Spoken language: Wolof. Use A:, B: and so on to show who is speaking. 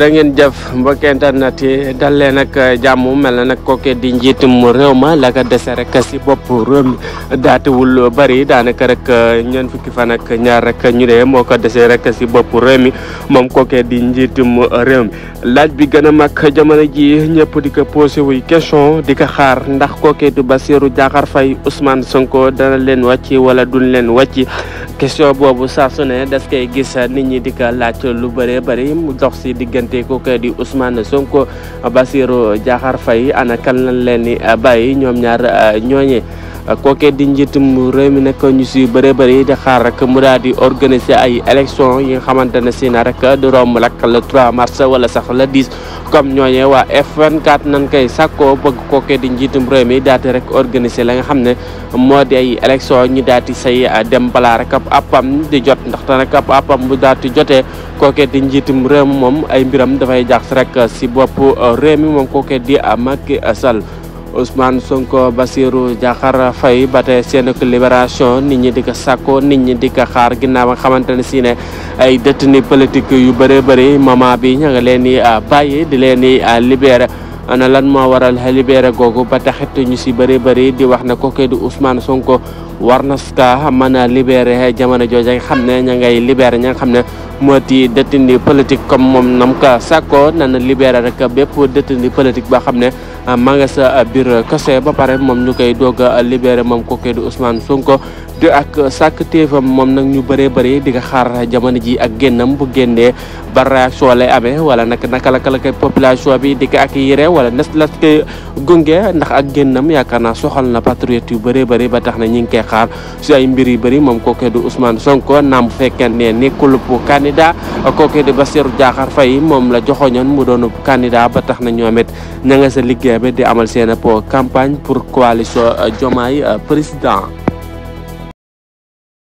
A: jërë ngeen jëf mbokk internet yi dalee leen nag jàmm mel na nag kooke di njiitum réew ma la ko dese rek si bopp réew mi daatawul bëri daanaka rek ñeen fukki fan ak ñaar rek ñu ne moo ko dese rek si bopp réew mi moom kooke di njiitum réew mi laaj bi gën a mag jamono ji ñëpp di ko posé wuy question di ko xaar ndax kooke du Bassirou Diakhar Faye Ousmane Sonko dana leen wàcc wala duñ leen wàcc question boobu saa su ne das nit ñi di laaj lu bëree bëri mu dox si diggante kooku di Ousmane Sonko Bassirou Diakhar fay ana kan lañ leen di uh, bàyyi ñoom ñaar uh, ñooñe uh, kookee di njiitum réew mi nag ñu si bëree bëri di xaar rek mu daal di organiser ay élection yi nga xamante ne si na rek du romb lak la 3 mars wala sax le 10 comme ñooñee waa F24 nan koy sàkkoo bëgg kookee di njiitum réew mi daal rek organiser la nga xam ne moo di ay ñi ñu daal di say ah, dem balaa rek ab appam di jot ndaxta rek ab appam bu daal di jotee kookee di njiitum réew moom ay mbiram dafay jaax rek si bopp ah, réew mi moom kookee di ah, Macky sal Ousmane Sonko Bassirou Diakhar Faye ba tey seen libération nit ñi di ko sàkko nit ñi di ko xaar ginnaaw nga xamante ne si ne ay détenu politique yu bëree bëri moment bi ña nga leen di ah, bàyyi di leen di ah, libéré. ana lan moo waral libéré googu ba taxit ñu si bëri bëri di wax na ko kii di Ousmane Sonko war na ska mën a libéré jamono jooja nga xam ne ña ngay libéré ña nga xam ne moo di détenu politique comme moom nam ka sàkko na na libéré rek bépp détenu politique boo xam ne ma nga sa biir kese ba pare moom ñu koy doog a libéré moom kooku di Ousmane Sonko di ak sàkk téefam moom nag ñu bëree bëri di nga xaar jamono ji ak génnam bu génnee ba réaction lay amee wala nag naka la kay population bi di ko accueillir wala nes la koy gunge ndax ak génnam yaakaar naa soxal na patriote yu bëree bëri ba tax na ñi ngi koy xaar si ay mbir yu bëri moom kookee di Ousmane Sonko nam bu ne nekkul bu candidat kookee di basir Diakhar Faye mom la joxoñoon mu doon candidat ba tax na ñoom it nga sa liggéey bi di amal seen po campagne pour coalition Diomaye président